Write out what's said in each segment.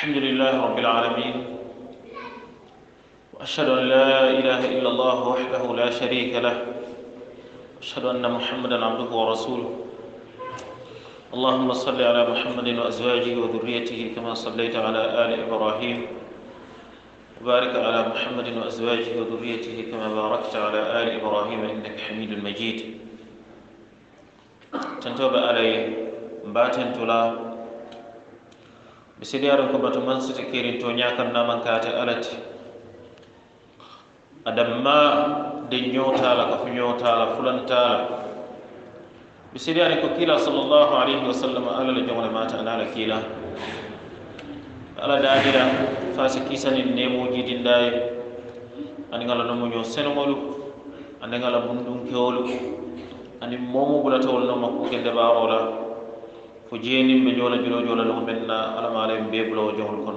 الحمد لله رب العالمين وأشهد أن لا إله إلا الله وحده لا شريك له وأشهد أن محمدا عبده ورسوله اللهم صل على محمد وأزواجه وذريته كما صليت على آل إبراهيم وبارك على محمد وأزواجه وذريته كما باركت على آل إبراهيم إنك حميد مجيد تنتوب عليه باتن تلا mi sidi aɗon ko bato mansiti kirinto ñakannaman kaate alati adamma de ñootaala ko fo ñootaala fulantaala mi sidi aɗen ko kiila sallllahu alayhi wa sallam alah le jogone mata anaala kiila ala daadira fa si kiisanin nemoji dindaye ani ngala nomuño senogolu ani ngala bundunkewolu ani momo bulatawol no makkuke ndebaaroola ko jeenin ɓe joola jolo joola ɗo men alamaala en beebulawo jahol kon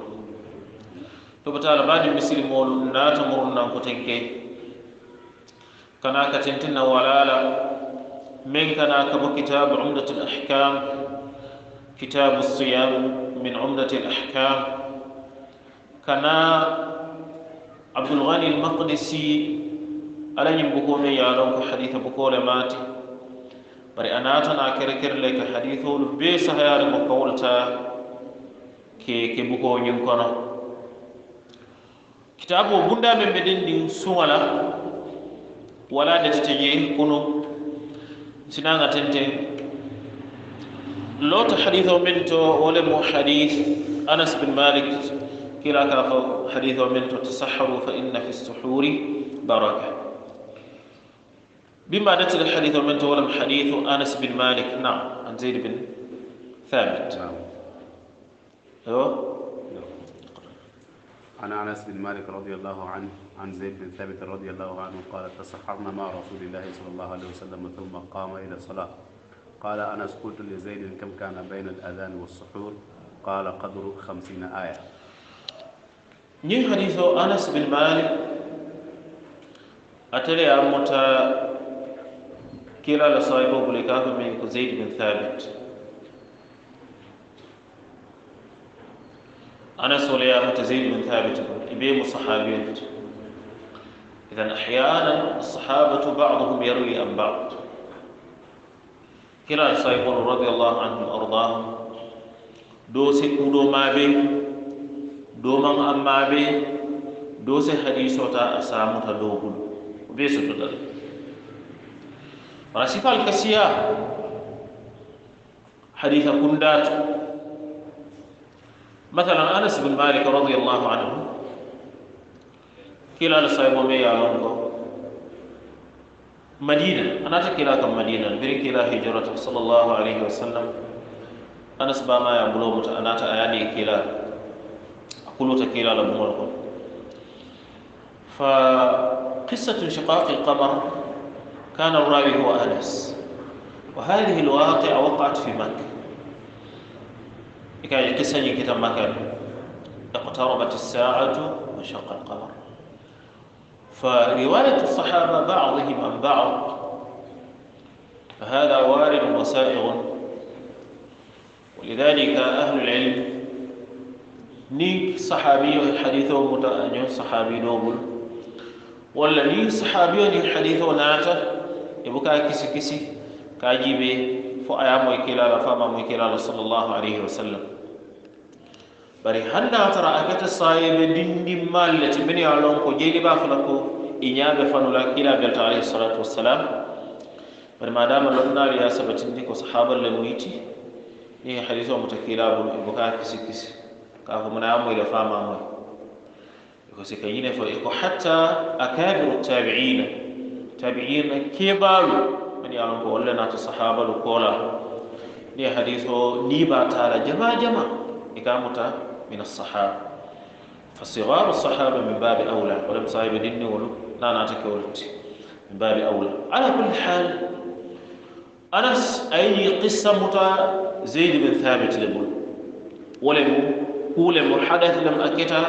toɓo taala mbaaji misiri moɗum naata murunan ko tenke kanaka tentinna walaala min kanaka bo kitabu umdati lahkam kitabu siyam min umdati lahkam kana abdulgani almaqdisi alañim bukoɓe yaalon ko haditha bukole maati bari anata na kerkerle ka haditholu be sahayari ko kawolta ke ke bukoñin kono kitabo bunda men ɓeɗen ɗin suŋala wala detete je kono sinaga tenten loto hadith o men to wolemo hadith anas bin malik kila kala ko hadith o men to tasaharu fa inna fi suhuri baraka بما نتل الحديث ومن تولى الحديث أنس بن مالك نعم عن زيد بن ثابت نعم أيوه عن انس بن مالك رضي الله عنه عن زيد بن ثابت رضي الله عنه قال تسحرنا مع رسول الله صلى الله عليه وسلم ثم قام الى الصلاه قال انس قلت لزيد كم كان بين الاذان والسحور قال قدر خمسين ايه ني حديث انس بن مالك اتلي امتا كلا لصائبه sahibu من زيد بن ثابت أنا أنا سوليا زيد بن ثابت إبيم الصحابي إذا أحيانا الصحابة بعضهم يروي عن بعض كلا لصائبه رضي الله عنه أرضاه دو سكو دو ما بي دو من ما بي دو سي حديثة أسامة دو بي ستدرك principal kasiya حديث كندات مثلا أنس بن مالك رضي الله عنه كلا نصيب ومي علمكم مدينة أنا تكلا كم مدينة بري كلا هجرة صلى الله عليه وسلم أنس بما يبلو مت أنا تأياني كلا أقول تكلا لبمولكم فقصة انشقاق القمر كان الراوي هو أنس وهذه الواقعة وقعت في مكة كان يكسني كتاب مكة اقتربت الساعة وشق القمر فرواية الصحابة بعضهم عن بعض فهذا وارد وسائغ ولذلك أهل العلم نيك صحابي حديثه متأنيون صحابي نوبل ولا نيك صحابي حديثه ناته ibuka kisi kisi kajibe fo aya moy kilala fama moy kilala sallallahu alaihi wasallam bari handa tara akata sahibe dindi mallati min ya lon ko jeli ba fala ko inyabe fanula kila be ta alaihi salatu wassalam bari madama lon na ya sabatin ni ko sahabar le muiti ni hadiso mutakila bu ibuka kisi kisi ka ko mana moy da fama moy ko sikayine fo ko hatta akabiru tabi'ina تابعين كبار من يعلم لنا الصحابة لكولا ني حديثو نيبا تالا جما جما إقامتا من الصحابة فصغار الصحابة من باب أولى ولم صاحب دين ولو لا ناتك ولت من باب أولى على كل حال أنس أي قصة متى زيد بن ثابت لبول ولم قول محدث لم أكتا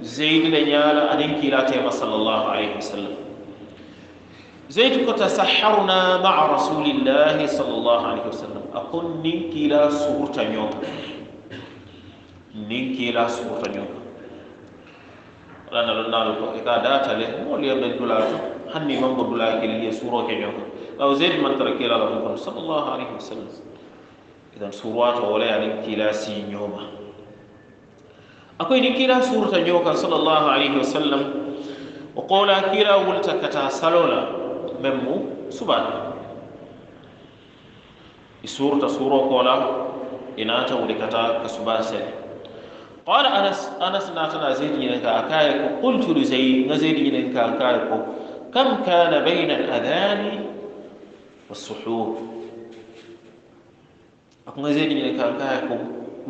زيد لنيال أنكي لا تيما صلى الله عليه وسلم زيد سحرنا مع رسول الله صلى الله عليه وسلم أقول نينكي لا سورة نيوم نينكي لا سورة نيوم لأن لنا لك إذا دات له مولي أبن دولاته هني من بدولاك اللي هي سورة نيوم لو زيد من ترك إلى الله صلى الله عليه وسلم إذا سورة ولا نينكي لا سي أقول نينكي لا سورة نيوم صلى الله عليه وسلم وقولا كيرا ولتكتا سلولا memmu subani isurta suro إن أتى ولكتا kasuba sele قال انس انس ناتنا زيد ينكا اكايكو قلت لزيد زيد ينكا اكايكو كم كان بين الاذان والسحور اكو زيد ينكا اكايكو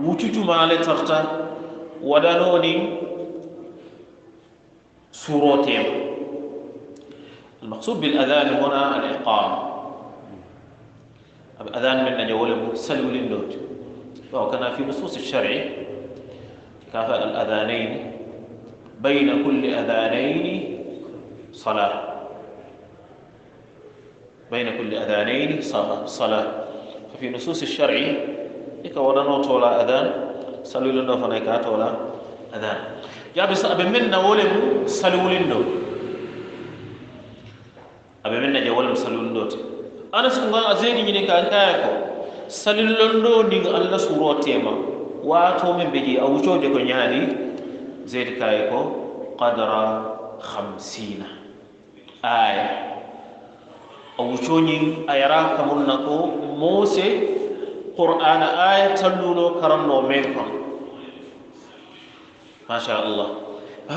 وتجو ما لتختا ودانوني سوروتيم المقصود بالأذان هنا الإقامة أذان من نجول يولم سلو للنوت فهو كان في نصوص الشرع كافأ الأذانين بين كل أذانين صلاة بين كل أذانين صلاة ففي نصوص الشرع يكون نوت ولا أذان سلو للنوت فنكات ولا أذان يا بس أبن من نولم سلو للنوت abe men naja wala mo sallundo te ala sunga a zeni ñini ka kaya ko sallulondo ndin allah suro tema to men ɓe je a wucode ko ñaani zeyde kaye ko qadara 50 ay a ni ayara yara kamol na ko mose qur'ana aya talluno karanno men kon ma sha allah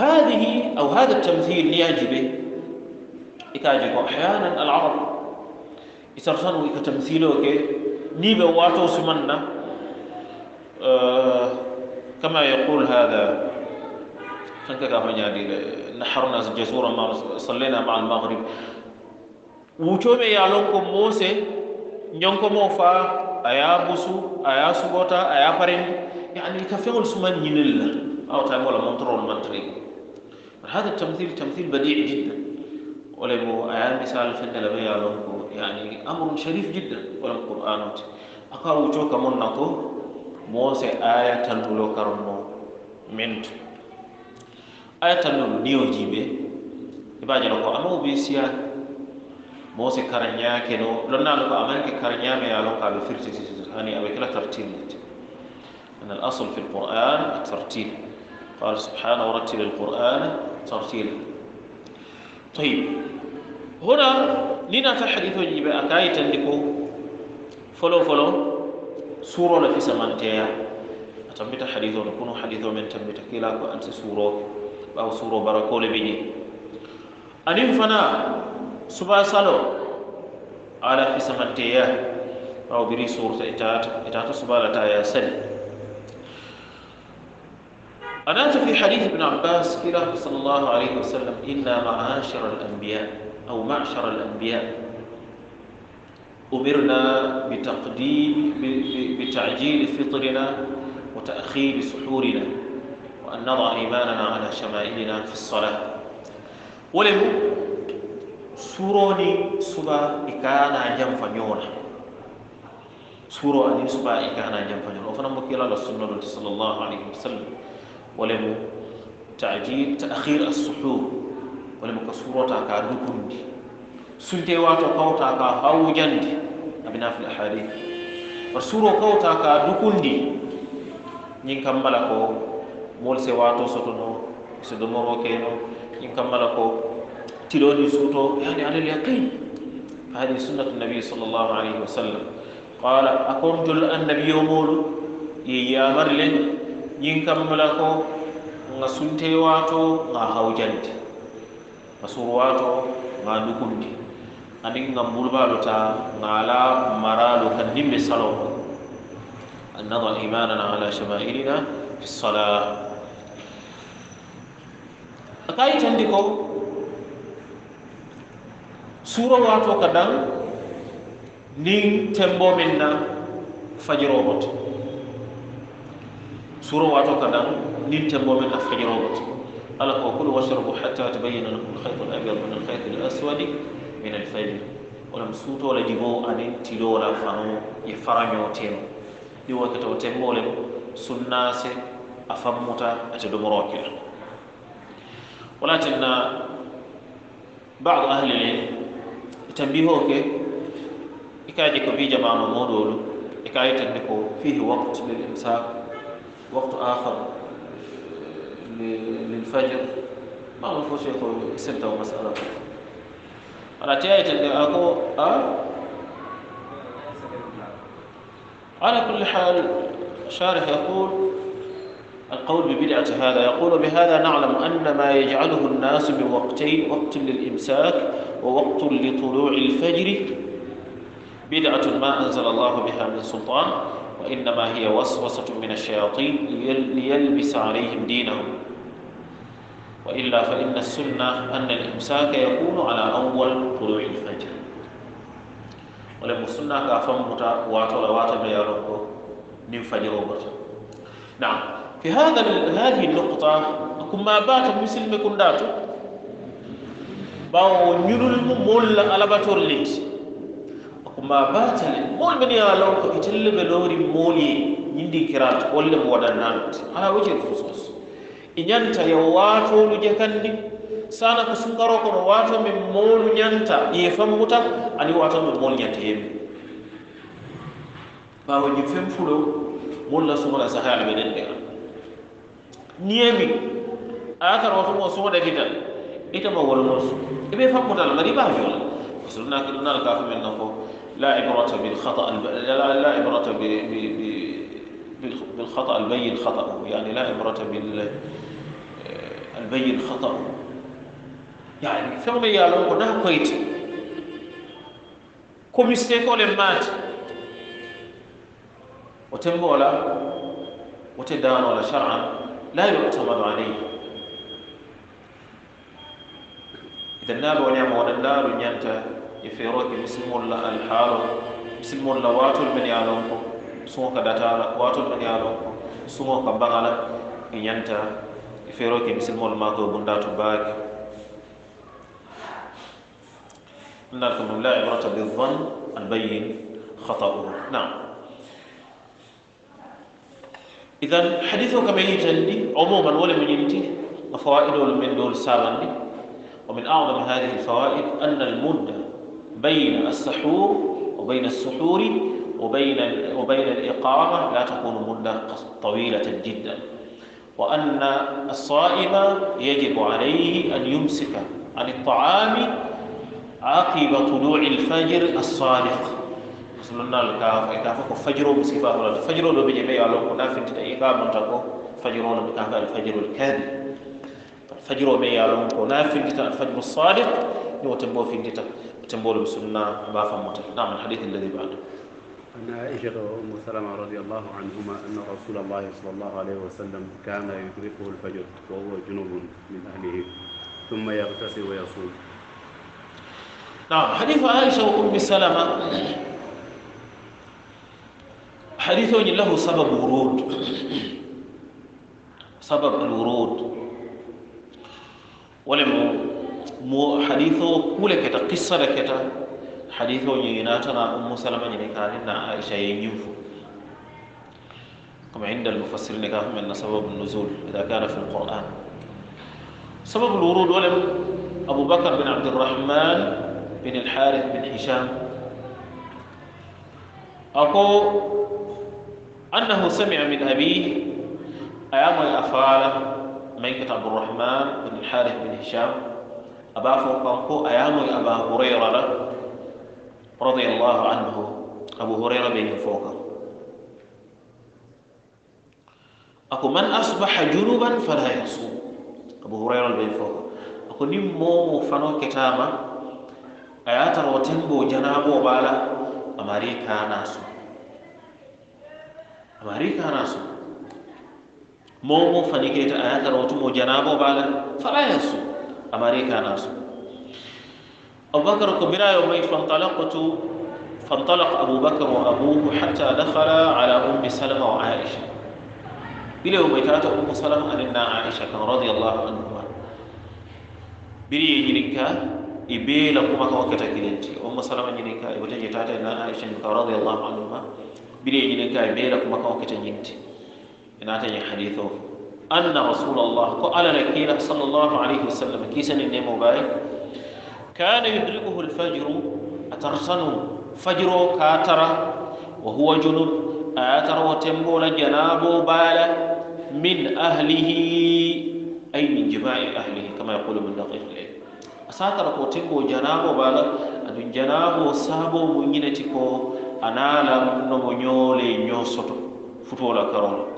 hadihi aw hada ltamhil ni إكاجيكو أحيانا العرب يترسلوا إكو تمثيلو كي نيبا واتو سمنا آه، كما يقول هذا خنكا كافن يعني نحرنا جسورا ما صلينا مع المغرب وچومي يالونكو موسي نيونكو موفا أيا بوسو أيا سبوتا أيا فرين يعني كفيول سمن ينل أو تعمل مونترول مونترين هذا التمثيل تمثيل بديع جداً ولم أيام مثال في لهم يعني أمر شريف جدا ولم القرآن أقارو وجوك من موسى آية تنبلو كرمو منت آية تنبلو نيو جيبه إباجة لكو أمو بيسيا موسى كرنيا كنو لنا لكو أمانك كرنيا ميالون قابل فرتي يعني أبي كلا ترتيلت أن الأصل في القرآن الترتيل قال سبحانه ورتل القرآن ترتيلا طيب هنا لنا تحديث جيب أكاي تندكو فلو فلو سورة لفي سمانتيا أتنبت حديث ونكون حديث من تنبت كلا وأنت سورة أو سورة بركول بني أنين فنا سبا سالو على في سمانتيا أو بري سورة إتات إتات سبا لتايا سلي أنات في حديث ابن عباس قيل صلى الله عليه وسلم إنا معاشر الأنبياء أو معشر الأنبياء أمرنا بتقديم بتعجيل فطرنا وتأخير سحورنا وأن نضع إيماننا على شمائلنا في الصلاة ولم سوروني سبا إكانا جنفا نيونا سوروني سبا إكانا جنفا نيونا وفنمك إلى السنة صلى الله عليه وسلم ولم تعجيل تأخير السحور ولم كسورة كاركند سلتي واتو قوتا كهوجند أبنا في الأحاديث فرسورة قوتا دي نين كمبلا كو مول سواتو ستنو سدمو كينو نين كمبلا كو تلوني سوتو يعني على اليقين هذه سنة النبي صلى الله عليه وسلم قال أكون جل النبي يقول يا لن yin kammala ko nga sunte wato nga haujanti nga wato nga dukunde anin nga mulubaalu ta nga ala maraalu ka nimbe salo ko an nada imanana ala shamailina fi sala a ka yitandi ko suuro waato ka daŋ tembo minna na wato سورة واتو كدان نينتن بومن أفجر واتو ألا وكلوا واشربوا حتى تبين لكم الخيط الأبيض من الخيط الأسود من الفجر ولم سوتو لجمو أن تلو ولا فانو يفرميو تيمو دي وقت وتيمو لم سناس أفموتا أتدمروك ولكن بعض أهل العلم تنبيهوك إكاجي كبي جماعة مودولو إكاجي تنبيهو فيه وقت للإمساك وقت آخر للفجر ما مفروض يقول سنة ومسألة أنا تيجي تلقى أكو آه؟ على كل حال شارح يقول القول ببدعة هذا يقول بهذا نعلم أن ما يجعله الناس من وقتين وقت للإمساك ووقت لطلوع الفجر بدعة ما أنزل الله بها من سلطان وإنما هي وسوسة من الشياطين ليلبس عليهم دينهم وإلا فإن السنة أن الإمساك يكون على أول طلوع الفجر ولم السنة كافم متى واتو يا رب من فجر وبرت نعم في هذا هذه النقطة كما بات مسلم كنداتو باو نيرول مول على باتور ليت ko ma batale molɓe ni alaw ko itelle ɓe lowri mooli ñindinkirato golle mo waɗa nante ala wojir fosos e ñanta yo watoluje kandi sana ko sukaro ko no watomi molu ñanta ye fammu tan ani watomi mol ñantayemi bawoji fen fulo molla sumola sahaali meɗen ɓe an niyemi akar watumo soodaki tan itama wolmosu eɓe fammu tan ngadi ba joola ko sodunaki ɗumnal kafumen kan fof لا عبرة بالخطأ لا عبرة بالخطأ البين خطأه يعني لا عبرة بال البين خطأه يعني ثم يالونكو نا كويت كو ميستيكو لمات وتمولا وتدان ولا شرعا لا يعتمد عليه إذا النار ونعم ونالنار ينتهي يفيرو كي مسلم الله الحالو مسلم الله واتو البني علوم سمو كداتالا واتو البني علوم سمو كبغالا ينتا يفيرو كي مسلم الله ماكو بنداتو باك إن لكم لا عبرة بالظن البين خطأه نعم إذا حديثه كما يجلي عموما ولم يجلي فوائده من دول سابني ومن أعظم هذه الفوائد أن المدة بين السحور وبين السحور وبين وبين الإقامة لا تكون مدة طويلة جدا وأن الصائم يجب عليه أن يمسك عن الطعام عقب طلوع الفجر الصادق سننا الكاف إذا فك فجر الفجر لو بيجي على لو كنا الإقامة تكو فجر لو الفجر الكاذب الفجر لو بيجي على لو الفجر الصادق نوتبو في الجتة تنبول بسنة بافا متر نعم الحديث الذي بعده أن عائشة وأم سلمة رضي الله عنهما أن رسول الله صلى الله عليه وسلم كان يدركه الفجر وهو جنوب من أهله ثم يغتسل ويصوم نعم حديث عائشة وأم سلمة حديث له سبب ورود سبب الورود ولم mo haditho kule keta kissa da keta haditho ñegina tana ummu salama ñini kani na عند المفسرين كافهم أن سبب النزول إذا كان في القرآن سبب الورود ولم أبو بكر بن عبد الرحمن بن الحارث بن هشام أكو أنه سمع من أبيه أيام الأفعال من عبد الرحمن بن الحارث بن هشام أبا فوقه أيام أبا هريرة رضي الله عنه أبو هريرة بين فوقه أكو من أصبح جنوبا فلا يصوم أبو هريرة بين فوقه أكو نمو فنو كتاما أياتر وتنبو جنابو بالا أمريكا ناسو أمريكا ناسو مو فنكيت أياتر وتنبو جنابو بالا فلا يصوم أمريكا kana أبو بكر كبيرا يومي فانطلقت فانطلق أبو بكر وأبوه حتى دخل على أم سلمة وعائشة بلا يومي ترى أم سلمة أن عائشة كان رضي الله عنهما بلا يجينك إبيلا كما كما كتاكينتي أم سلمة يجينك إبتجي تاتا أن عائشة رضي الله عنهما بلا يجينك إبيلا كما كما كتاكينتي إن أتني حديثه أن رسول الله قال لكيلة صلى الله عليه وسلم كيسن إني مبارك كان يدركه الفجر أترسن فجر كاترة وهو جنب آتر وتمول جناب بالا من أهله أي من جماع أهله كما يقول ابن دقيق العلم أساتر وتمول جناب بالا أدن جناب سابو من أنا لم نمو نيولي سطو فتولا كرولا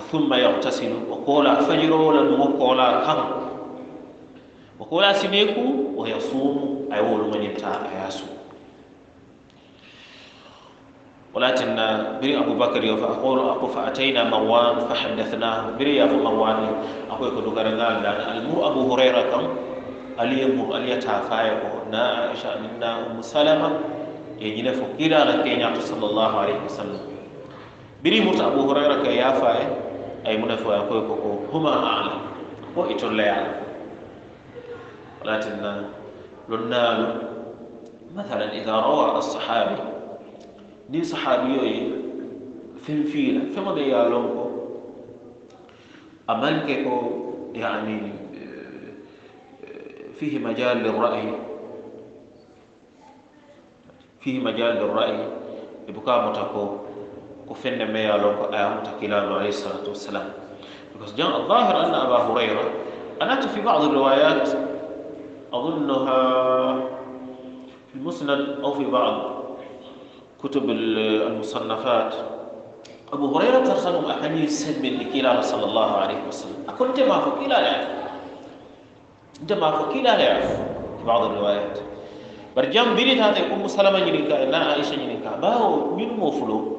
ثم يغتسل وقول فجر ولا نقول كم وقول سنيكو ويصوم أي ولو من يمتع يصوم ولكن بري أبو بكر يقول أقول فأتينا موان فحدثناه بري أبو موان أقول كنت قرنا المر أبو هريرة كم ألي مر ألي تعفايق نا عائشة نا أم سلمة يجينا يعني فكيرا لكي صلى الله عليه وسلم بري مرت أبو هريرة كيافايق أي منافع أكوكو هما أعلم وإتون لا يعلم ولكن لنال مثلا إذا روى الصحابي دي صحابي في فيلا فما دي يالونكو أمانكو يعني فيه مجال للرأي فيه مجال للرأي يبقى متكو كفن ما mbe ye a lon ko a yamuta kilano الظاهر أن أبا هريرة أنا في بعض الروايات أظنها في المسند أو في بعض كتب المصنفات أبو هريرة ترسل أحاديث سلم لكلا صلى الله عليه وسلم أقول جمع ما فكيلا لا يعرف أنت فكيلا لا يعرف في بعض الروايات برجام بيريت هذا يكون مسلما ينكا لا عائشة ينكا باو من موفلو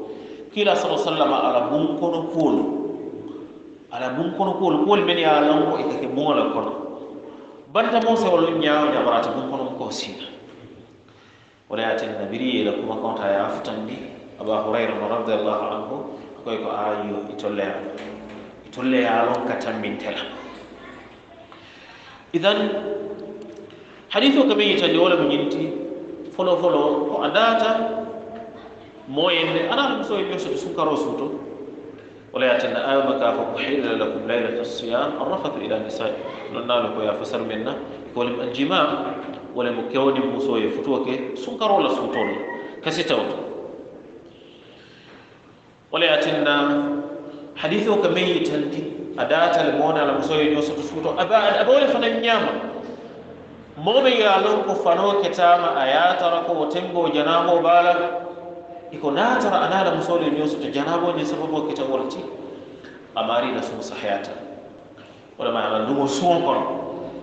kila sallallahu alaihi wasallam ala bun kono kulu ala bun kono kulu kul men ya lan ko itake bun ala kono banta mo se wala nyaaw ya barata bun kono ko sina wala ya tan nabiri la kuma konta ya futandi aba hurayra radhiyallahu anhu ko ko ayu itolle itolle ya lon katam min tela idan hadithu kabe yitande wala mun yinti folo folo ko adata moyenne ana ɗum so yimɓe sukaro suuto wala yatanna ayoma ka fa uhilla lakum laylata siyam arrafatu ila nisai non naalo koya fasar men na kolem aljima walemo kewni musoye futuwoke sunkarola suutol kasi tawto wala yatinna hadise o ka meyitanti a datal mona ala musoye ñosoto suuto abawole fana ñama moɓe ya lon ko fano ketama a yatara ko o tengo janamo baala iko natara anala musole nyusu janabo ni sababu kitawolti amari na sun sahayata wala ma amal dumo sun kon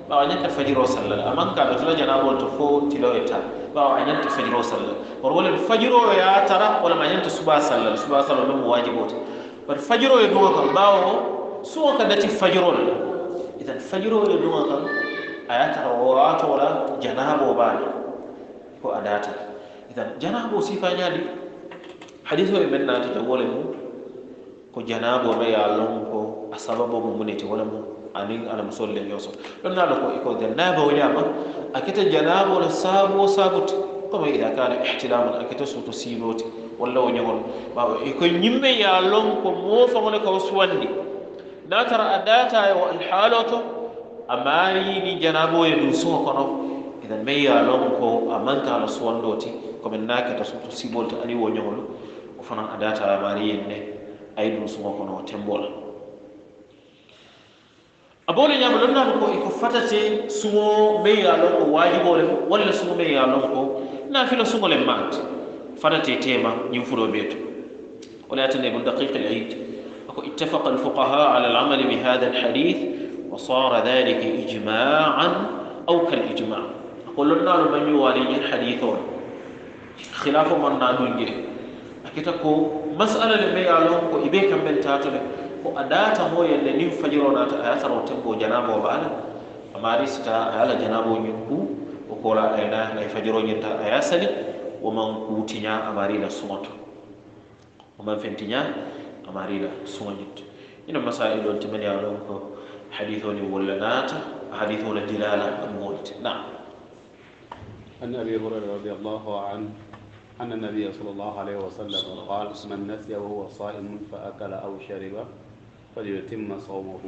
ba wanya ta fajiro sallal aman ka da tula janabo to fo tilaweta ba wanya ta fajiro sallal war wala fajiro ya tara wala ma yanta suba sallal suba sallal dum wajibot bar fajiro ya duwa kan bawo sun ka dati fajiro la idan fajiro ya duwa kan ayata rawato wala janabo ba ko adata idan janabo sifa nyali hadiso e men naatata wole mu ko janabo me ye a lon ko a sababo mu munete wala mu anin alamusol le ñoo soto ɗon naa lo ko iko janabo ñaama a keta janabo le saabo saabuti comme ida kana ihtilaman a keta suto siiloti walla wo ñogol ɓawa iko ñimme ye a lon ko moo faŋole kawo suwandi naa tara a daataye wo alhaalo to a maariini janabo ye dun suŋo kono idan me ye a lon ko a manka ala suwandoti komin naa keta suto siibol to ani wo ñogol fana a data labari yende ay dum sumo kono tembola abole nyama don nan ko iko fatate sumo me ya lon ko wajibo le walla sumo me ya lon ko na filo sumo le mat fatate tema nyim furo beto wala tan ibn daqiq al-eid ako ittafaqa al-fuqaha ala al-amal bi hadha al-hadith wa sara dhalika ijma'an aw kal ijma' ako lon nan man yuwali al-hadithon خلاف من نانو جيه kita ko masala le be alon ko ibe kam men tato le ko adata mo yelle nin fajiro nata aya saro tembo janabo bala amari sita ala janabo nyinku o kola ayna ay fajiro nyinta aya sali o man kutinya amari la sumoto o man fentinya amari la sumonyit ina masailo temeli alon ko hadithu ni wallanata hadithu la dilala al-mawt na'am عن ابي هريره رضي الله عنه أن النبي صلى الله عليه وسلم قال من نسي وهو صائم فأكل أو شرب فليتم صومه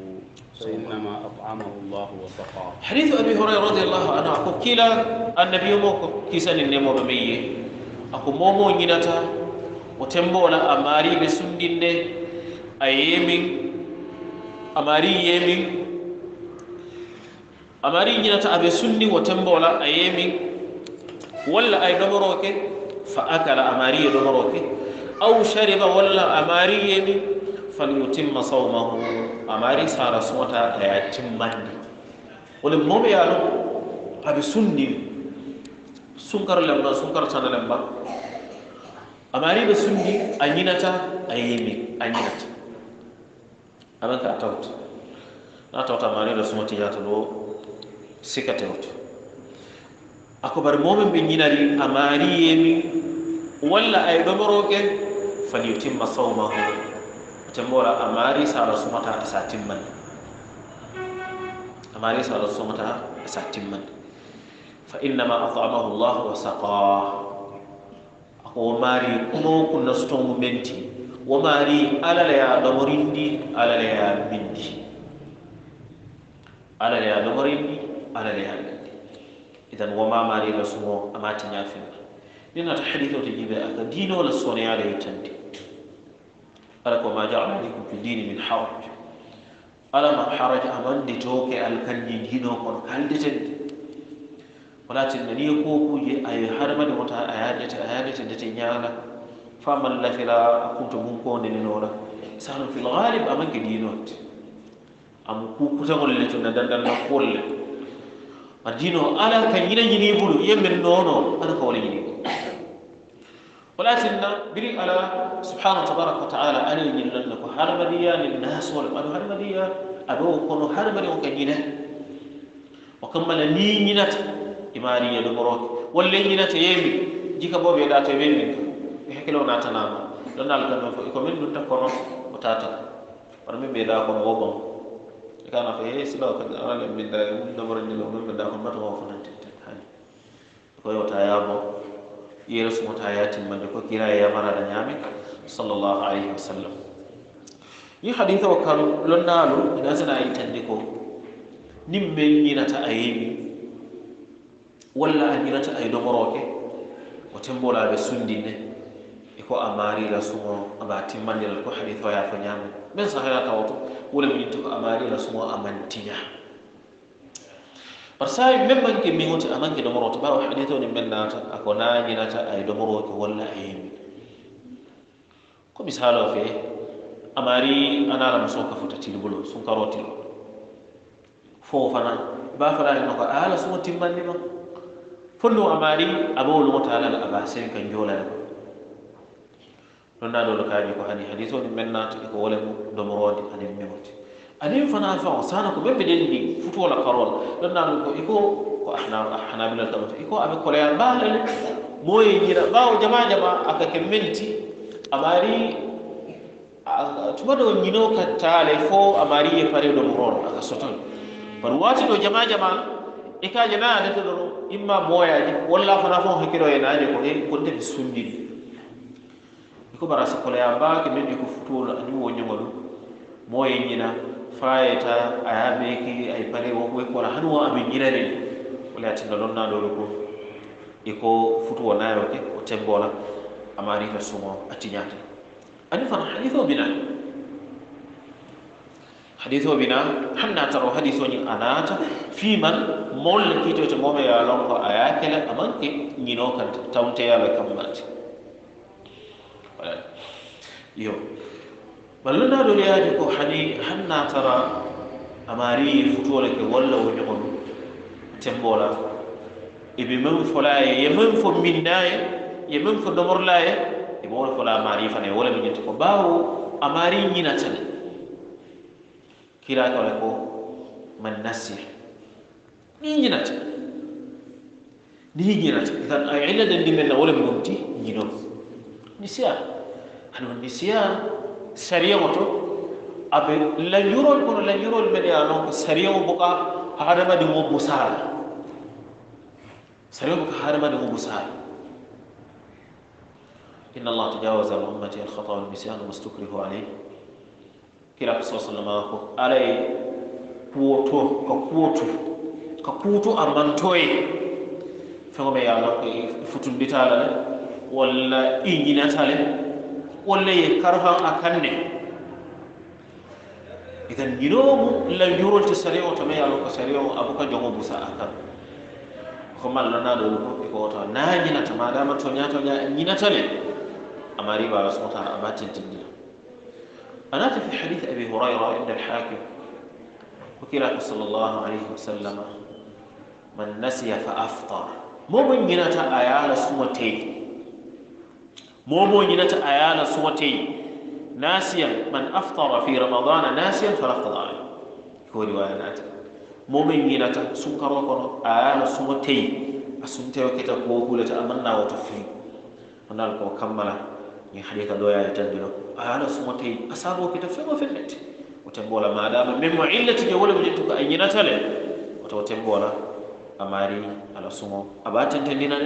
فإنما أطعمه الله وسقاه حديث أبي هريرة رضي الله عنه أكو كلا النبي موكو كيسان النمو بمية أكو مومو نينتا وتمبولا أماري بسندين أيمين أماري يمين أماري ينتا أبي سندي وتمبولا أيمين ولا أي دمروكي فأكل أماري لمروك أو شرب ولا أماري فليتم صومه أماري سارة سوتا يتمني ولمم يالو أبي سني سنكر لما سنكر سنة لما أماري بسني أنينتا أيمي أنينتا أبنك أتوت أتوت أماري بسنتي ياتلو سكتوت ako bar momin ɓe ñinari a mariyemi walla ay ɗomoroke falyutimma sawmahu temmora a mari sala sumata e sa timman a mari sala sumata e sa timman fa innama atamahu llahu wa saqaa ako wo maari kuno kunna sotongu menti wo maari alalaya ɗomorindi alalaya mindi alalaya ɗomorindi alalaya mindi إذا وما ماري رسمو أما تنافي لنا تحديث وتجيب هذا دين ولا الصوني عليه تنتي ألك وما جعل عليكم في الدين من حرج ألا ما حرج أمان أمن دتوك الكني دينو كون دي دتنتي ولكن من يكوكو أي حرم دي دوتا أيادة أيادة دتنيانا فاما الله فلا أكون تمكون لنولا سهل في الغالب أمان دينوت أم كوكو تقول لتنا دندن نقول لك adino ala ka ñina ñini bulu ye men nono ala ka wala ñini ولكن بري على سبحانه تبارك وتعالى أنا يجي لك هرمدية للناس ولا أنا هرمدية أبو كونو هرمدية وكجينة وكمل لي نينة إمارية لبروك واللي نينة يمي جيك أبو بيدا تبين منك يحكي لو ناتنا لنا لك نفو إكمل نتا كونو وتاتا ورمي بيدا كونو وبم e kana fo e eh, silaw kadi alalen min da mum namarandi law min mbeɗa ko mbata o fananti hani ko yewta yaabo yeere sumata ya timmande ko kira yamaraɗa ñaami sallllahu alayhi wa sallam yi haditha o kam lonnaalu ina sina yi tandi ko nin men ñinata a yeemi walla a ñinata ay domoroke o temboɗaɓe sundine iko amari la sumo abati manjal la ko hadithu ya fanyama men sa ka wato wala min to amari la sumo amantinya barsayi men manke min wata amanke da moro to ba hadithu ne men na ta ako na ni na ta ay do moro ko walla ayin ko misalo fe amari ana la muso ka futa bulo sun karo fo fana ba fana ne ko ala sumo timmandi ma fullu amari abawul mutala al abasin kan jola ne ɗon nda ɗoɗo kaaji ko hani hadis o do mo eko wole domorode anin memoti fa na fa sana ko ɓeɓɓe ɗen futo la karol ɗon nda ko iko ko ahna ahna hanabilal kamata iko abe ko aɓe ba le moye ñira ɓawo jama jama aka kemmenti amari tuma ɗo ñino ka taale fo amari ye pare domorode aka sotol par wati do jama jama e ka kaje ade to do imma moya ji moyaji walla fana fon hakkilo e naaje ko e de sundidi iko bara sokolaya baake meŋ iko futuo la aniŋ wo ni moo ye ñina fa a yeta a ye a meeki a pare wo ko kola hani wo ami ñina ne wala yatinna loŋ naa do ko iko futuo nayo ke wo temboo la amaariita sumo a tiñaata ani fana hadisoo bi naa hadisoo bi naa hadithu naa taroo hadisoo ñiŋ a naata fii man mol ki to to mo me ya lon ko a ye a kele a maŋ ke ñinoo kanta tawunteyaa la kammaati yo ballana duniyaade ko hani hanna tara amari futole ke walla wo ñogon tembola ibe men fola ye ye men fo minnaye ye men fo domorla ye ibe wala fola amari fane wala mi ñetti ko bawo amari ñina tane kila tole ko man nasir ni ñina tane ni ñina tane idan ay illa den dimen na wala mi gomti ñino ni siya ano nisyan sariyaŋo to abe lanjurol kono lanjurol mene أنا a lon ko sariyaŋo buka hadamadiŋo busaa la سريعك حارما له مسعي إن الله تجاوز عن أمتي الخطأ والنسيان وما استكره عليه كلا صلى الله عليه وسلم علي كوتو كوتو كوتو أمانتوي فما يعلم إيه؟ فتن بتالا ولا إنجنا تالا walla ye karfan a kan ne idan ñinoomu lanjurolti sari o tame yaalo ko sari o abuka jogo busa a kan ko mallana ɗo ko iko woto na ñinata madama toña toña ñinata le ama riba ala subhana taala ama tintindina anata fi hadith abi hurayra inda alhakim ko kilako sall llahu alayhi wa sallama man nasiya fa aftar momo ñinata a yaala suma teydi مومو ينتا أيانا صوتي ناسيا من أفطر في رمضان ناسيا فلا قضاء عليه هو رواية ناتا مومو ينتا سنكر وقر أيانا صوتي أسنتي وكتا لتا أمنا وتفلي ونالك وكملا يحديك دويا يتندلو أيانا سوتي أسابو كتا فيما في النت وتنبولا ما دام من معلة جولا وجدتك أن ينتا لي وتوتنبولا أماري على سمو أباتن تندينا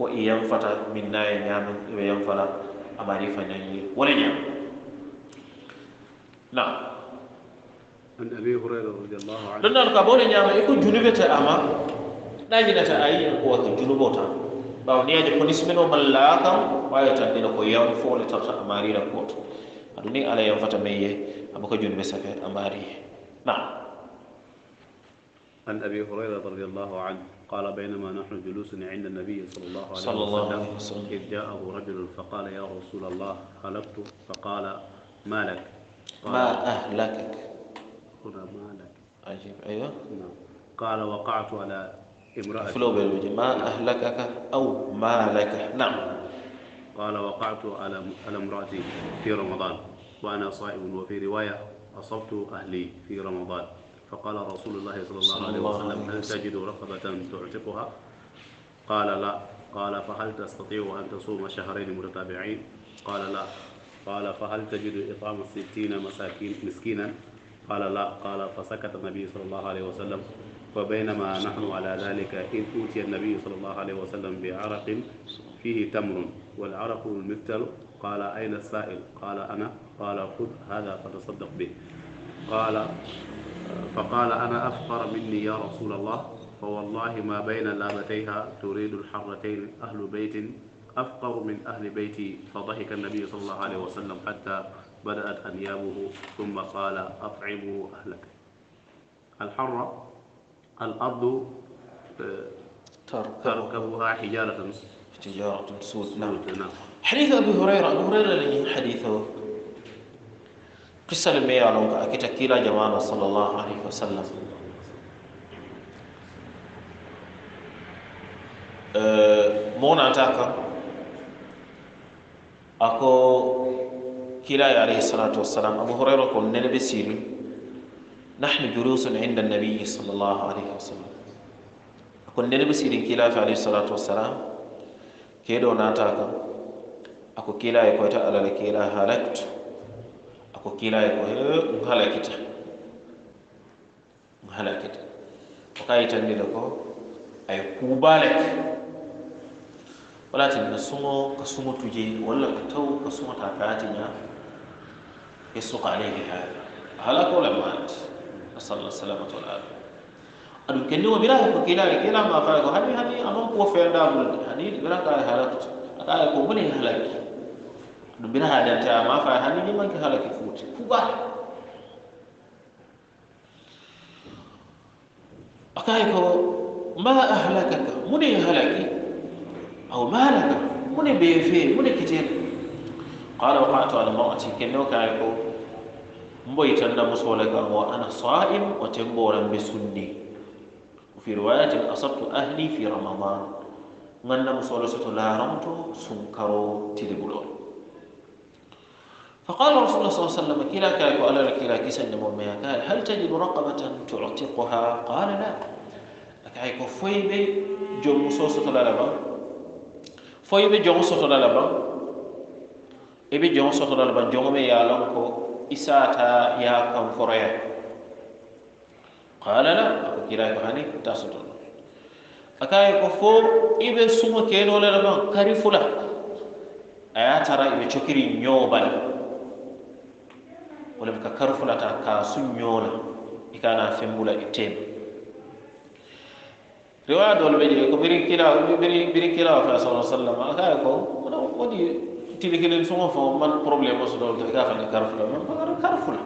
wa iyan fata min na ya nyamin ibe yan fara a mari fanan wo wani ne na an abi hurayra radiyallahu anhu dan da ka bone nyama iko junube ta ama na ji ta ayi ko ka junubo tan ba ni ya ko punishment o mallaka wa ya ta dina ko yam fo le ta amari kooto ko aduni ala yan fata meye abaka junube safe amari na عن أبي هريرة رضي الله عنه قال بينما نحن جلوس عند النبي صلى الله عليه صلى الله عليه وسلم إذ جاءه رجل فقال يا رسول الله خلقت فقال ما لك ما أهلكك هنا ما لك عجيب أيوة نعم قال وقعت على امرأة فلو ما أهلكك أو ما لك نعم قال وقعت على على امرأتي في رمضان وأنا صائم وفي رواية أصبت أهلي في رمضان فقال رسول الله صلى الله عليه وسلم هل تجد رقبة تعتقها قال لا قال فهل تستطيع أن تصوم شهرين متتابعين قال لا قال فهل تجد إطعام ستين مساكين مسكينا قال لا قال فسكت النبي صلى الله عليه وسلم وبينما نحن على ذلك إذ أوتي النبي صلى الله عليه وسلم بعرق فيه تمر والعرق المثل قال أين السائل قال أنا قال خذ هذا فتصدق به قال فقال أنا أفقر مني يا رسول الله فوالله ما بين لابتيها تريد الحرتين أهل بيت أفقر من أهل بيتي فضحك النبي صلى الله عليه وسلم حتى بدأت أنيابه ثم قال أطعموا أهلك الحرة الأرض تركبها حجارة حجارة نعم. سود نعم حديث أبي هريرة أبو هريرة لي حديثه kisali me ye lon ka a kita kila jama la salllahu alayhi wa sallam eh, moo nanta kan a ko kila ye alayhi salatu wasalam abu horaira ko nene be siri nahnu julusun inda nabiyi salllahu alayhi wasallam a ko nene be sirin kila fe alayhi salatu wasalam ke ɗo nata kan a ko kila ye koyta alala kila halactu ako kiilaye ko he um halakita um halakita o ka yitandile ko aye kuubale wala tin na suŋo ka suŋo tuje walla ka taw ka suŋo ta kaati ña yasuka alayhi hada halaka wala maati nasalla salamata wal afia aɗum kenniwo mbiraa ko kiilaali kiilama kaye ko hani hani anon kuwo feendamulde hani mbiraa kaye halakuta akaye ko moni halaki ɗum bina haadante ama fa hani ni manke halake fuuti kuga akaye ko ma ahlakaka mune halaki aw malaka mune ɓee fee mune kiten qala waqatu ala marati kenno kaye ko mboyi tanda musole kam wa ana sa'im o temboran ɓe sunni fi riwayatin asabtu ahli fi ramadan ganna musole soto laramto sunkaro tiliɓuɗol فقال رسول الله صلى الله عليه وسلم كلا كلا كلا كلا كلا كلا قال هل تجد رقبة تعتقها قال لا أكاي كفويبي جمو سوسة لالبا فويبي جمو سوسة لالبا إبي جمو سوسة لالبا جمو مي يالنكو إساتا يا كم فريا قال لا أكو كلا كهاني تاسوت أكاي كفو إبي سوما كيلو لالبا كاري فلا أيا ترى إبي شكري نيوبالي wo le ka kari fulata ka suñoo la i ka na fembula i teema riwaya doolu be jee ko biri kila biri sallam a kaye ko wo di tili suŋo fo man problème su doolu to i ka fani kari man bakara kari fula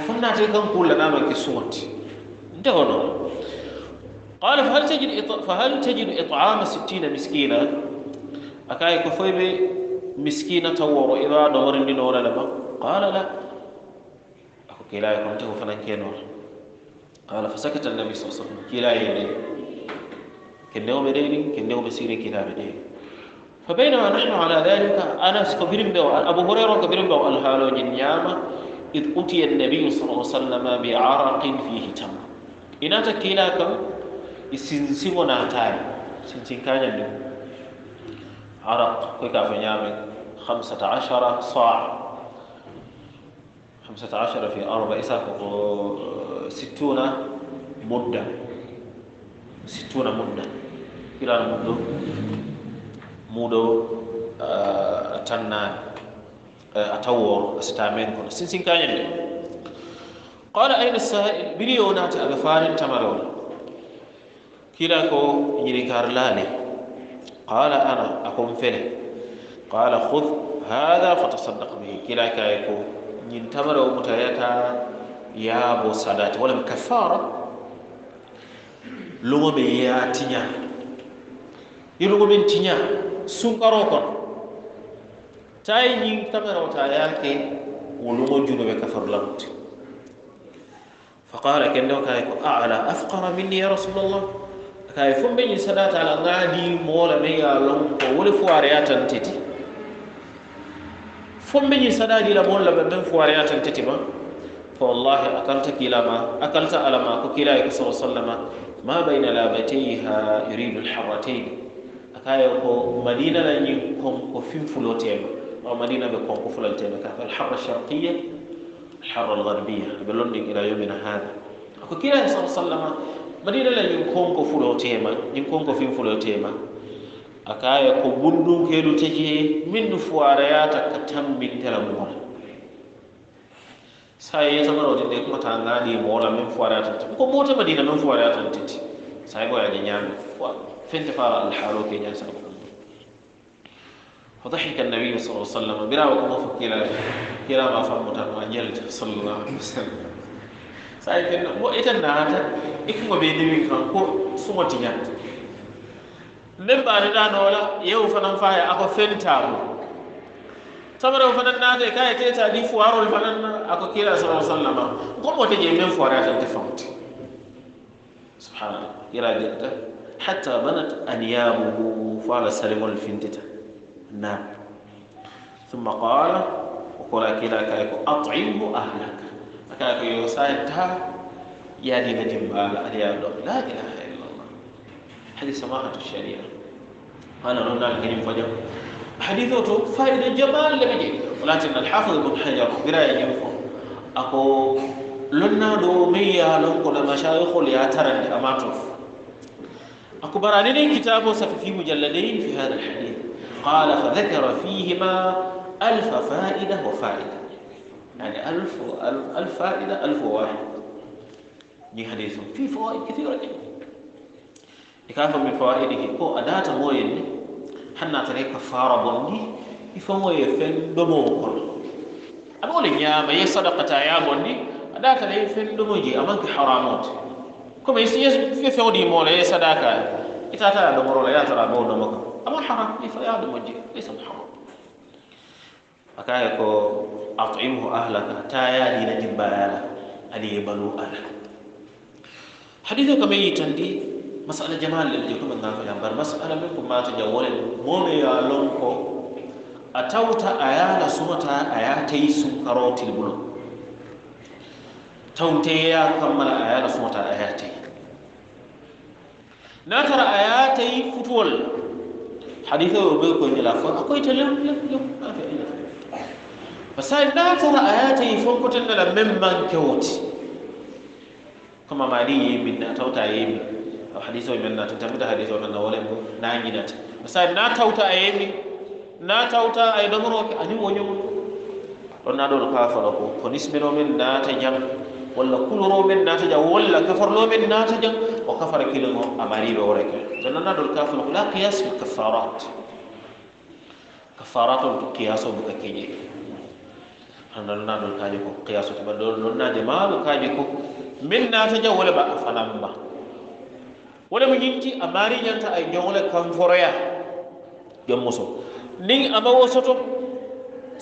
fo naati kan kuulla naa man ke suŋo nte ko noon قال فهل تجد فهل تجد إطعام ستين مسكينا أكاي كفوي مسكينة تورو إذا دور لنور لما قال لا أكو كلا يكون جهو فلان كينور قال فسكت النبي صلى الله عليه وسلم كلا يدي كنه بديني كنه بسيري كلا بديني فبينما نحن على ذلك أنا كبير بو أبو هريرة كبير بو الهالو جنياما إذ أتي النبي صلى الله عليه وسلم بعرق فيه تم إن تكيلا كم isinsiwo na hatari sintinkanya عرق كيف kweka fanyame 15 saa خمسة عشر في أربع ستون مدة ستون مدة إلى مدة مدة آه، تنان آه، أتور استامينكم سنسين كان يلي قال أين السائل بليونات أغفار تمرون كلا كو ينكار كارلاني قال أنا أكون فلي قال خذ هذا فتصدق به كلا كايكو nyintamara omutayata yaabo sadati walam kafara lugome ya tiña i lugomen tiña sunkaro kono tay ñintamara ota yake wo lugo junube kafar fa faqala kende o kaye ko ala afkara minni ya ka rasulllah kaye fombe ñin ala ngaadi moola me ya lon ko wole fowareyatan tedi فمني سدادي لبون لبن فواريات تتبا فوالله أكلت كلاما أكلت على ما كلا صلى الله عليه ما بين لابتيها يريد الحرتين أكايا كو مدينة لن يكون كفين فلوتين أو مدينة بكون كفلتين الحرة الشرقية الحرة الغربية بلون إلى يومنا هذا أكو كلا صلى الله عليه مدينة لن يكون كفلوتين يكون كفين فلوتين akaya ko bundun kelu take min nu fuwarayata ka tambin telamuwala sai ya sama rodin da kuma ta ngani mola min fuwarayata tati ko mota madina min fuwarayata tati sai go ya ga nyami fenta fara alhalo ke nyasa ko فضحك النبي صلى الله عليه وسلم بلا وكما فكلا كلا ما فهمت ما جلت صلى الله عليه وسلم sai ken mo ita na ta ikuma be ni kan ko suma tinya min ɓaade ɗano la yewu fanan faya ako fentamo sabara o fanan naate kaye teta ɗi foirol fanan ako kila sa sallama gomote je min foratante famte subhanallah ira gueɗta hatta banat aniyamuhu fo ala salimol fintita nam thumma qala o kola kila kaye ko atimhu ahlaka akaye ko yo sayta yaadina dimbala aɗa الله la ilaha illa allah hadi samahatu sharia أنا رنا الكريم فجأة حديثه تو فائدة جمال لم يجي ولكن الحافظ ابن حجر قراءة يفهم أكو لنا دومية لهم كل مشايخ لياترن أماتوف أكو برانين كتابه في مجلدين في هذا الحديث قال فذكر فيهما ألف فائدة وفائدة يعني ألف, ألف, ألف فائدة ألف واحد دي حديثه في فوائد كثيرة جدا ikafa min fawaidihi ko adata moyen ni hanna tare ka fara bondi ifo moye fen domo kon abole nyama ye sadaqata ya bondi adata le fen domo ji amanki haramot ko be siyes fi fe odi mo le sadaka ita ta do moro le ya tara bo do maka amma haram ifa ya do moji laysa haram akaya ko at'imhu ahlaka ta ya dina jibala ali balu ala hadithu kama yitandi مسألة جمال اللي بيجي كم الناس يعني بس مسألة من كم ما تجاوز مون يا لونكو أتاوتا أيانا سمتا أياتي سكرات البلو تونتي يا كم لا أيانا سمتا أياتي نترى أياتي فتول حديثه بيقول إلى فوق أقول تلم لم لم لم بس أنا ترى أياتي فوق تلم لم من كوت كما ما لي من أتاوتا يمين hadiso men na tan da hadiso nan wala mo na ngidata masai na tawta ayemi na tawta ay domro ke wanyo wonyo don na don ka fara ko police men men na ta jam walla kuloro men na ta jam walla kafarlo men na ta jam wa kafara kilimo amari be wore ke don na don ka fara la kiyas bi kafarat kafarat to qiyaso bu ka kenye don na don ka je ko qiyaso to don na je ma ka min na ta wala ba afanan ba wolemo ñinti a mariñanta ay ñogole kanforoya jom moso niŋ ama wo soto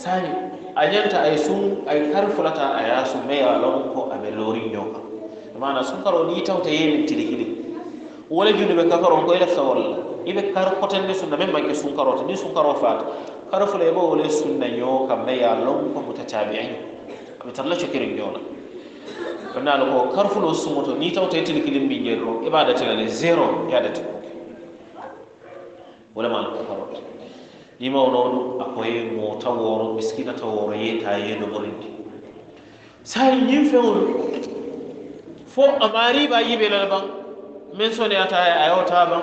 sani a ñanta ay sum ay kari fulata a ye sum ma ya lon ko aɓe loori ño ka mana sukaro ni tawta yemin tiligili wole junu ɓe kakaron ko ile e sawolla iɓe kar kotenne sunna men manke sunkarota ni sunkaro faata kara fula yeɓo wole sunna ño kam ma ya lon ko mutataɓe añ aɓe tan la cokiri ñona konnaalu ko su moto ni tawta e tili kilim mbijeeri o e zero y'a zéro yaadati wala ma ko ni ma wono ɗum a koye mo taworo miskina taworo yeeta yeeno sai saa fe feŋol fo ama riiba yiɓe lala ban min soneyata e a ta ban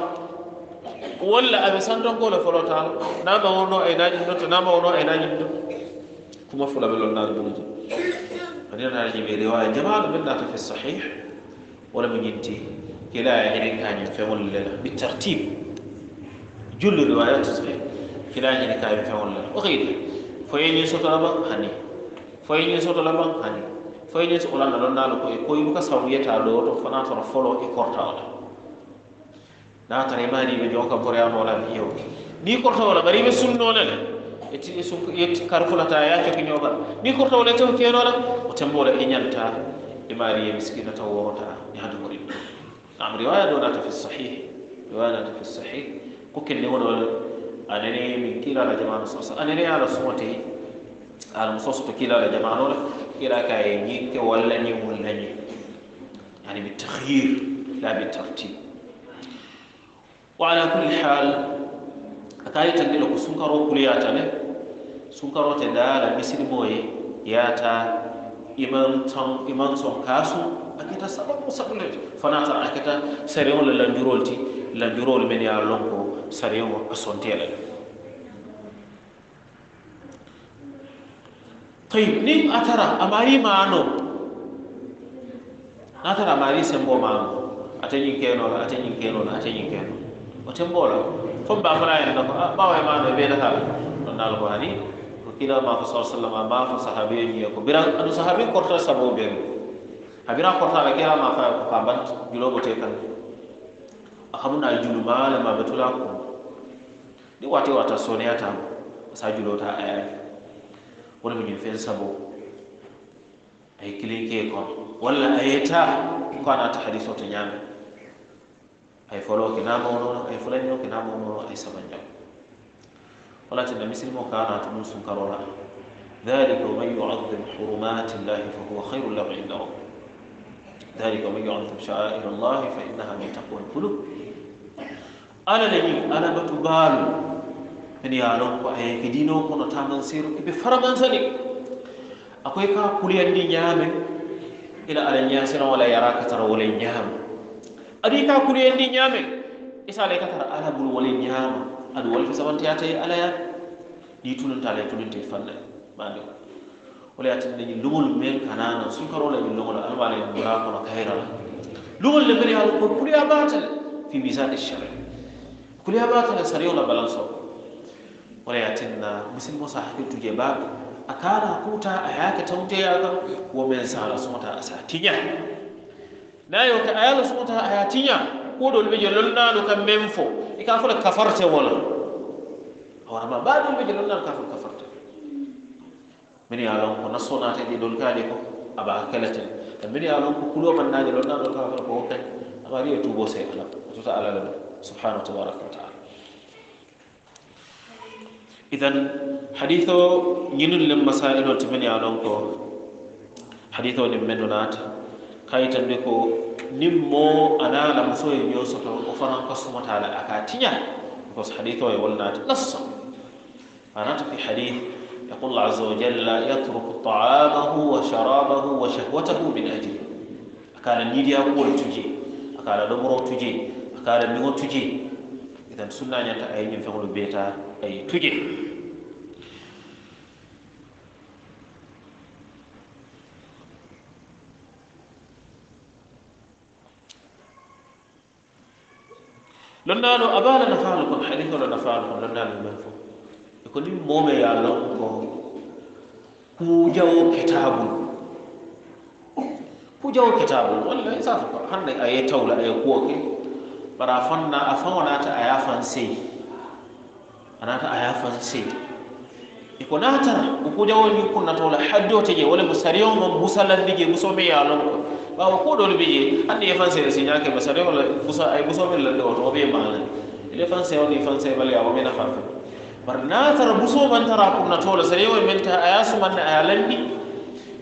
la aɓe ta na ba wono e na ɗo to nama wono e nañin ɗo kuma fulaɓe na do maneno yajibe riwaya jamaa minna fi sahih wala mnyinti كلا يعني كان يفهمون لنا بالترتيب جل روايات الصحيح كلا يعني كان يفهمون لنا وغيره فين يسوع طلبا هني فين يسوع طلبا هني فين يسوع لنا لنا لكو يكوي بك سوية تالو تفنا ترفلو إكورتا ولا لا ترى ما دي بجوك بريان ولا بيوك دي كورتا ولا بري بسون ولا لا yetti karfulata yake kiñogal ni kurtawole tew kenola o tembole e ñanta imari ye miskina taw worota ni hande ko ɗiɗo nam riwaya ɗo nata fi sahih riwaya nata fi sahih ko kenne wonol anene min kiilala jamanu sosa anene ala sumote ala mo sosoto kiilala jamanola kiila ka e ñikke walla ñi walla ñi yani bitahir la bitartib wa ala kulli hal akayi tangila ko sunkaro kuliyatane sukaro te daala misilimoye yaata iman tan iman son kaasu aketa sababu sabulete fana tan aketa sareŋo la lanjurol ti lanjurol men ye lonko lon ko sareŋo a sontee la le tayib niŋ a tara a maari maano niŋ a tara a maari semboo maano ate ñiŋ keenoo la ate ñiŋ keenoo la ate ñiŋ keenoo o temboo la fo baa fana ye na ko a ah, baawo ye maano i bee data la on naa ko hani ila ma fa sallallahu ma fa sahabe ni ko bira adu sahabe ko ta sabo be habira ko ta kira ma fa ko kamban julo te kan na julu ma la ma betula ko ni wate wata sonya ta sa julo ta aya wala min fe sabo ay kile ke ko wala eh, ayata ko ana ta hadiso to nyame eh, ay folo ke na mo no ay folo ke na mo no ay sabanjo ولا تن مسلم وكانت موسم كرولا ذلك ومن يعظم حرمات الله فهو خير له عند ربه ذلك ومن يعظم شعائر الله فإنها من تقوى القلوب أنا لني أنا بتبال من يعني يالون اي كدينو كنا تامن سيرو إبي فرمان سني أكوي كا كلي أني نعم إلى على نياسنا ولا يراك ترى ولا نيام أدي كا كلي أني نعم إسا عليك ترى أنا ولا نعم aɗum walla ya ta yi alaya ta ɗi tuluntaala e tulunte falla maɓe wala yatinne ñin lumol men kanana lumul ñin lomol almaala en mura kono kayrala lumol le mbere haala ko kuliya batale fi misane chari kuliya batale sariola balance o wala yatinna musa sa hakkiltuje ba a kara kuta a yake ya kan women sala sumata asa tiña nayo ka ayala sumata a satinya kuɗol ɓe jellol naanu ka men fo i ka fo le kafarte wo la awarama baadol ɓe jellol naanu ka fo kafarte min ye a lon ko nassonaate ɗi ɗol kaani ko aba keletel e min ye a lon ko kuloo man naaje ɗol naanol ka fo ko wo kañ awaari ye tuuboo sey ala tuta ala la subhanahu wa tabaraka wa taala idan hadith o ñinin lem masailol ti min ye a lon ko hadith o ɗin men ɗo naata kayitan ni ko ni mo ana la muso ye yo soto o fana ko suma taala aka tinya ko hadith wa walnat nassa ana fi hadith يقول الله عز وجل يترك طعامه وشرابه وشهوته من أجله أكال النيديا قول تجي أكال دمرو تجي أكال نيو تجي إذا سنة أن أي ينفعل بيتا أي تجي lonnaalu abaala nafaalu kon hadiholo nafaalu kon lonnaalu men fof e ko nin moome ya lon ko kuujawo kitabul kuujawo kitabul wallahi saafa ko hannde a ye tawla a ye ke bara a fonna a faŋo naata a ye a faŋ a naata a ye e ko naatara ko kuujawol ñiŋ kunnatola haddoo te je mo mo musalandi je musoo ya ye lon ko bawo ko dolu be je andi fan sere si ñake ba sare wala busa ay buso min la do to be maana ile fan sere ni fan sere bale awo mena fa bar na tara buso man tara ko na tola sare wo men ta ayasu man ay landi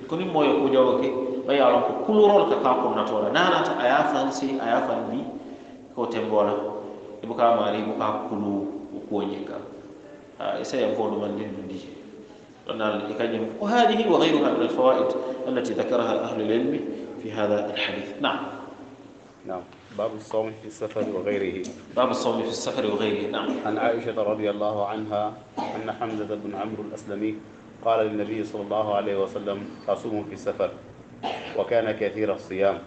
ko ni moyo ko jawo ke bay ala ko kulurol ka ka ko na tola na na ta aya fan si aya fan di ko tembora ibuka mari ibuka kulu ko nyika isa ya ko man din dije ونال وهذه وغيرها من الفوائد التي ذكرها أهل العلم في هذا الحديث نعم نعم باب الصوم في السفر وغيره باب الصوم في السفر وغيره نعم عن عائشة رضي الله عنها أن حمزة بن عمرو الأسلمي قال للنبي صلى الله عليه وسلم أصوم في السفر وكان كثير الصيام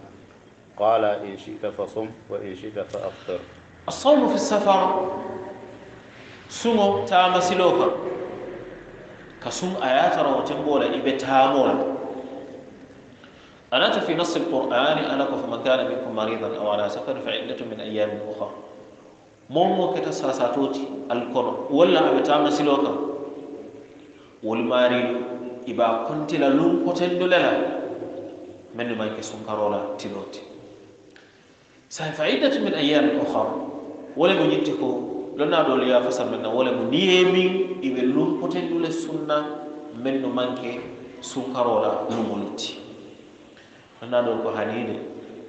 قال إن شئت فصم وإن شئت فأفطر الصوم في السفر سمو سلوكا كصوم آيات روتين بولا مولا ألا في نص القرآن أنا في مكان منكم مريضا أو على سفر فعدة من أيام أخرى مومو كتسا ساتوتي القرآن ولا أبتام سلوكا والماري إبا كنت للوم قتل للا من ما يكسون كارولا تلوتي سهل فعدة من أيام أخرى ولا بجيتكو لنا دوليا فسر منا ولا بنيامي إبا لوم قتل للسنة من ما يكسون كارولا نمولتي anna ɗo ko hanide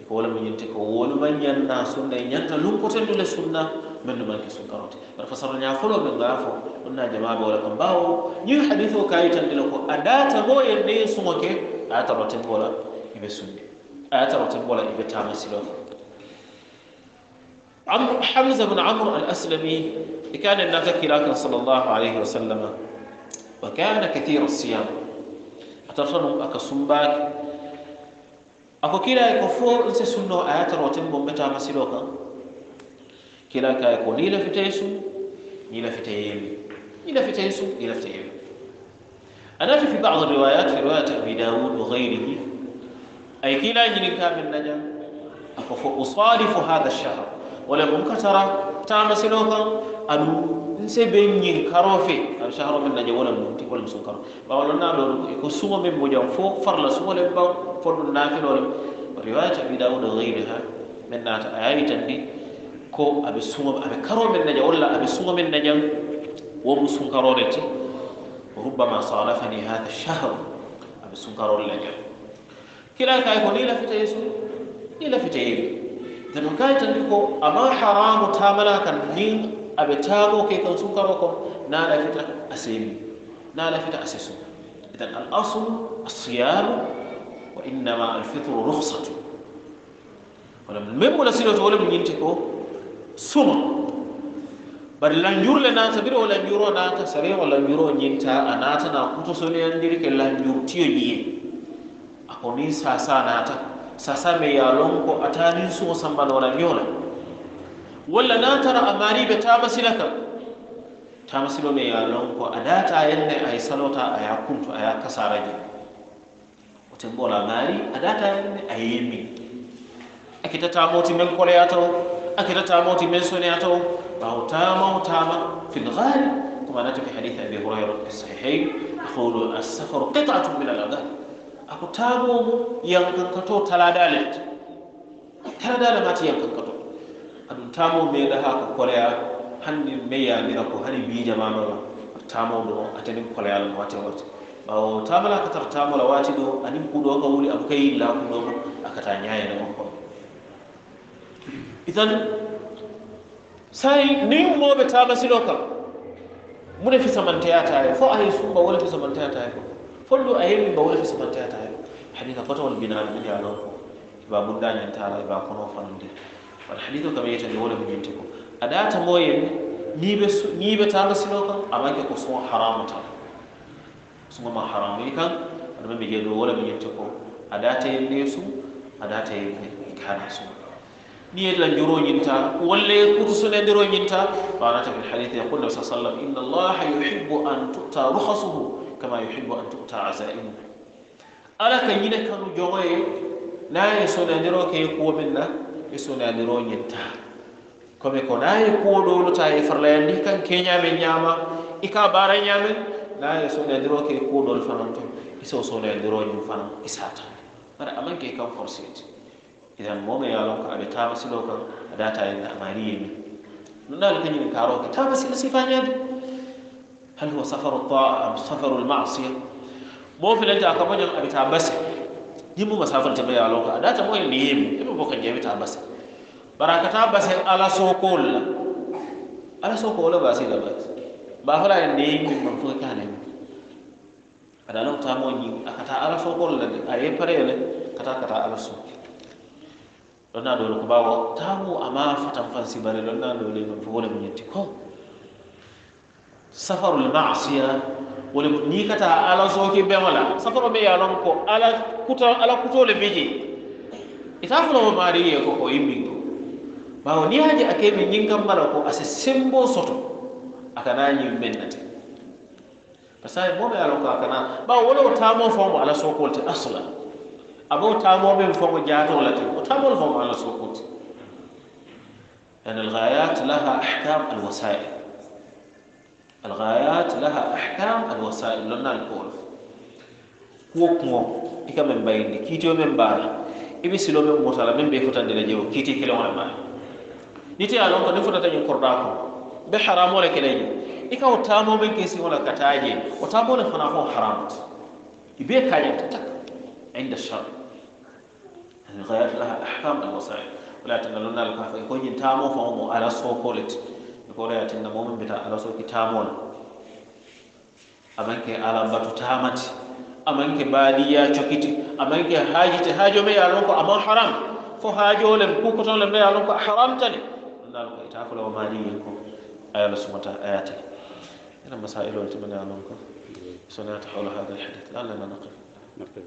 ko wala mo ñinti ko wolu man ñanna sunna e ñanta lunkotendu le sunna men ɗu manke sunkarote wata fasara ña folo ɓe ngaa fo onna jamaɓe wala ko mbawo ñin hadis o kayitande le ko a datago e nde suŋo ke aya taro tembola eɓe sunni aya taro tembola eɓe tama silo عمرو حمزة بن عمرو الأسلمي كان النبي كلاكن صلى الله عليه وسلم وكان كثير الصيام أترسلهم أكسنباك ako kila ko fo nse sunno ayata roten bon beta masilo kan kila kay ko lila fitaysu lila fitayel lila fitaysu lila fitayel أنا في بعض الروايات في رواية أبي داود وغيره naja كلا يجري كامل نجا أصالف هذا الشهر ولم ترى تام سلوكا anu nse be ñin karo fe ar shahro min naje wala mum ti wala musun karo ba wala na do ko sumo min mo jam fo farla sumo le ba fo dun na fi lolem riwayat abi daud ghayriha min na ta ayatan ni ko abe sumo abe karo min naje wala abe sumo min naje wo musun karo le ti ربما صادفني هذا الشهر أبي السنكر ولا جل كلا كايكو نيلا في تيسو نيلا في تيري ذنو كايتن بيكو أما حرام تاملا كان نين aɓe taago ke kan sukaro kon naala fita a seemi naala fita a seso idan al aslu alsiyamu wa innama alfitru ruhsatu wala même mo lasiloto wala ɗum ñinte ko suma bari lanjurle naata bira o lanjuro naata sare o lanjuro ñinta a naatana kutosonoyandiri ke lanjurtiyo ñiye a ko ni sasa naata sasa me yalon ko atanin suwo sambanola ñola ولا ناتر أماري بتابس لك تابس لهم يا لونكو أداتا ين أي سلوتا أي أكونت أي كسارج وتنبول أماري أداتا ين أي يمي أكيد تاموتي من كولياتو أكيد تاموتي من سونياتو أو تامو تاما في الغالب كما نتو في حديث أبي هريرة الصحيحين يقول السفر قطعة من الأذان أكو تامو ينكتو تلادالت تلادالة ما تينكتو aɗum tamo meeɗa ha ko koleya hande meyanira ko hani miijamamama tamo ɗo on atanin koleyal mo wate wata ɓawo tamala ka tara tamola wati ɗo anin kuɗoga wuli abu kayi lakuɗomo akata ñayana on kon itan sai nin moɓe tama silo kam mune fisamanteyataye fo ahay sumba wala fisamanteyataye ko follu a yemmi ba wala fisamanteyataye hadika fotowol binani ɗiɗi alon ko iba ɓurɗañantala iba kono fanonde wal hadithu kama yatajawala min yantiku adata moye nibe nibe tanga siloka amake ko so haramu ta so ma haramu ikan adama be jedo wala min yantiku adata yenne su adata yenne ikana su ni la njuro nyinta walla kursule ndiro nyinta banata bil hadith yaqul nabi sallallahu alaihi wasallam inna allaha yuhibbu an tu'ta rukhasuhu kama yuhibbu an tu'ta azaimuhu ala kan yine kanu jogoye la yesona ndiro ke ko minna isunani roñinta komi ko na ye kuwo ɗolu ta ye farlayandi kan keñamen ñama i ka baara ñamen na ye sonayandiro ke kuwo ɗolu fanan to iso sonayandiroñum fanan isata bara aman ke kan forseti idan momo ye lon ko aɓe tama silo kan adata yenda amari yemi nundaali kañumen karo ke tama sila sifañade hal huwa safaru taa am safaru lmasia mo filanta a kamoñon aɓe ta base yimu masafar te be alo ka data moy ni yimu e bo ka jabi ta bas barakata bas ala so kol ala so kol bas ila bas ba fala ni yimu man fo ka ne ada lo ta mo ni akata ala so kol la ay pare le kata kata ala so lonna dole ko bawo tamu ama fatan fansi bare lonna dole man fo wala mun yetti ko safarul ma'siyah wole ni kata ala sooki bemala safaro ɓe yalon ko ala kuta ala kutole miji ita folomo maari ye koko yimmingo bawo ni haji a kemi ñin kam mala ko asi sembo soto akana ñin mennate par ce que moɓe yalon ko akana bawo wole o tamo fomo ala sokol te asla abo tamoɓen fomo jatola te o tamol fomo ala sokol te an alayat laha ahkam alwasail الغايات لها أحكام الوسائل لنا الكورف مو إيكا من بين كيتو من بانا إبي سلو من موتالا من بيفوتا دي كيتي كيلو ما نيتي ألون كن فتا تنين بي حرام ولا كليني إيكا وتامو من كيسي ولا كتاجي وتامو فنا هو حرام إبي كاين تتك عند الشر الغايات لها أحكام الوسائل ولا تنالون لك فإيكو تامو فهمو على سوكولت koreyatinda momin mbiyata ala soki tamol amanke ala batu tamati amanke baaliya cokiti amanke haajite haajo me ye a lon ko aman haram fo haajo len kukoton me a ko haramtani anda lon ko ita fula wo maaliyen ko ayala sumata ayate ena masailol timane a lon ko so hawla hada alhadith naqif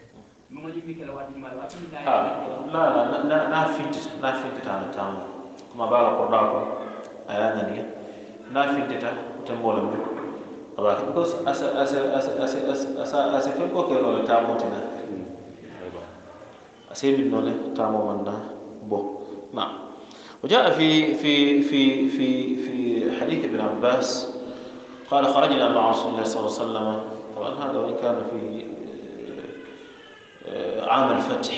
وجاء في في في في في حديث ابن عباس قال خرجنا مع رسول الله صلى الله عليه وسلم طبعا هذا وان كان في آه، عام الفتح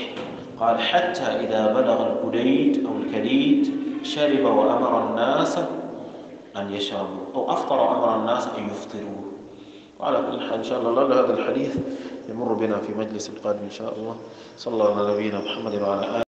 قال حتى إذا بلغ الكليد أو الكليد شرب وأمر الناس أن يشربوا أو أفطر وأمر الناس أن يفطروا وعلى كل حال إن شاء الله لعل هذا الحديث يمر بنا في مجلس القادم إن شاء الله صلى الله على نبينا محمد وعلى آله